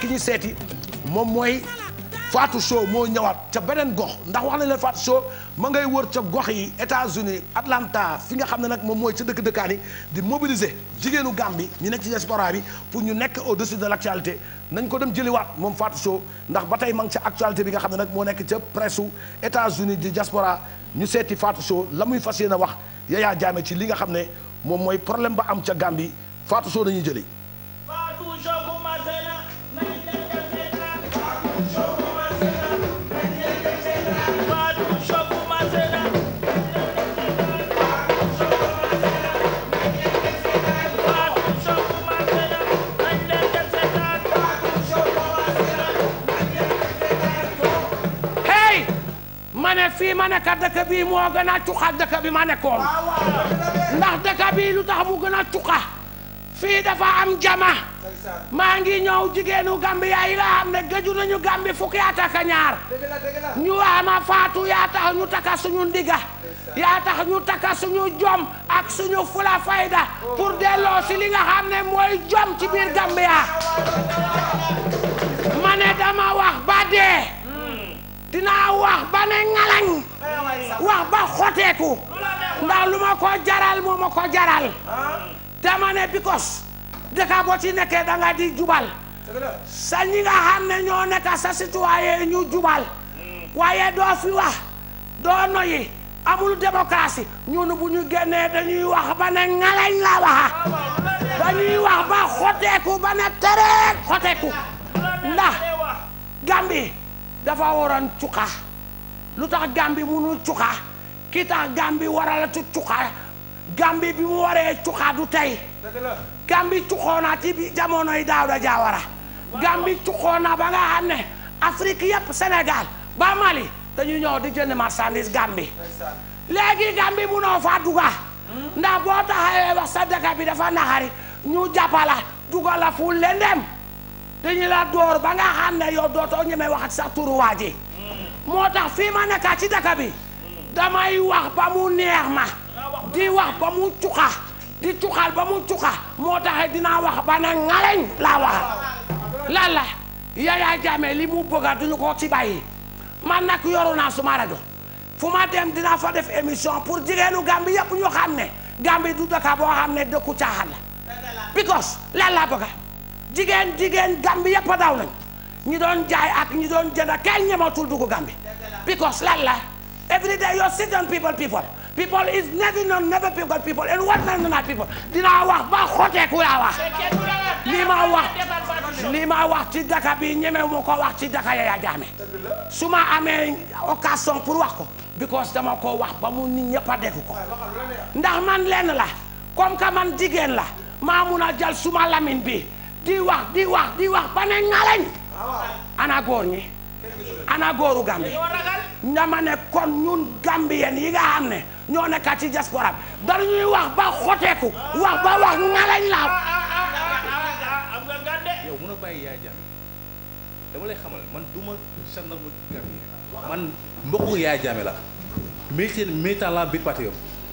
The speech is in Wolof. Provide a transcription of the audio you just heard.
ki ñu seeti moom mooy Fatou Sow moo ñëwaat ca beneen gox ndax wax nañ la Fatou Sow ma ngay wër ca gox yi États-Unis Atlanta fi nga xam ne nag moom mooy ca dëkk dëkkaan yi di mobiliser jigéenu Gambie bi ñu nekk ci diaspora bi pour ñu nekk au-dessus de l'actualité nañ ko dem jëliwaat moom Fatou Sow ndax ba tey ma ca actualité bi nga xam ne nag moo nekk ca presse u États-Unis di diaspora ñu seeti faatu Sow la muy fas yéene wax Yaya Jammeh ci li nga xam ne moom mooy problème ba am ca Gambie Fatou Sow dañuy jëli ma ne fii ma nekk dëkk bii moo gën a cuqa dëkk bi ma nekkoon ndax dëkk bii lu tax mu gën a cuqa fii dafa am jama maa ngi ñëw jigéenu Gambie yi la xam ne gëju nañu Gambie fukki at ak ñaar ñu wax faatu yaa tax ñu takka suñu ndiga yaa tax ñu takka suñu jom ak suñu fula fayda pour delloo si li ne mooy jom ci biir Gambie dinaa wax ba ne ngalañ wax ba xoteeku ndax lu ma ko jaral moo ko jaral dama ne because dëkk boo ci nekkee da di jubal sa ñi ñoo nekk sa citoyen ñu jubal waaye doo fi wax doo noyi amul démocratie ñun bu ñu génnee dañuy wax ba ne ngalañ la waxa dañuy wax ba xoteeku ba ne tereet xoteeku ndax Gambie dafa waroon cuqa lu tax Gàmbi munul cuqa ki tax Gàmbi waralatu cuqa Gàmbi bi mu waree cuqa du tey Gàmbi cuqoo ci bi jamonoy Daawda Jaawara Gàmbi cuqoo naa ba nga xam ne Afrique yépp Sénégal ba Mali dañu ñëw di jënd marchandise Gàmbi léegi Gàmbi munoo faa duga hmm? ndax boo taxawee wax sa bi dafa naxari ñu jàppala duga la fu lendem dañu la door ba nga xam ne yow dootoo ñemee wax ak sax turu waa moo tax fii ma nekkaat ci daka bi damay wax ba mu neex ma di wax ba mu cuqa di cuqal ba mu cuqa moo tax dinaa wax ba ne ngaleñ laa wax lan la Yaya li mu bëgga duñu ko ci bàyyi man nag yoru naa suma rajo fu ma dem dinaa fa def émission pour jigéenu Gàmbi yëpp ñu xam ne Gàmbi du daka boo xam ne dëkku caaxaan la because lan laa bëgga jigéen jigéen Gàmbi yëpp a daw nañ ñi doon jaay ak ñi doon jënd kenn ñematul dugg Gàmbi because lan la every day you sit down people people people is never known never people people and what man na people dinaa wax ba xoteeku laa wax lii ma wax lii ma wax ci daka bi ñeme mu ko wax ci daka Yaya Jammeh su ma amee occasion pour ko because dama ko wax ba mu nit ñëpp a dégg ko ndax man lenn la comme que man jigéen la maa mun a jël suma lamin bi di wax di wax di wax ba ne ngalañ ana ñi ana góoru Gambie ne kon ñun Gambien yi nga xam ne ñoo nekk ci diaspora bi dañuy wax ba xoteeku wax ba wax ngalañ la yow a bàyyi yaay jàmm dama lay xamal man duma gendarme Gambie man mbokku yaay jàmme la métier métal la biir parti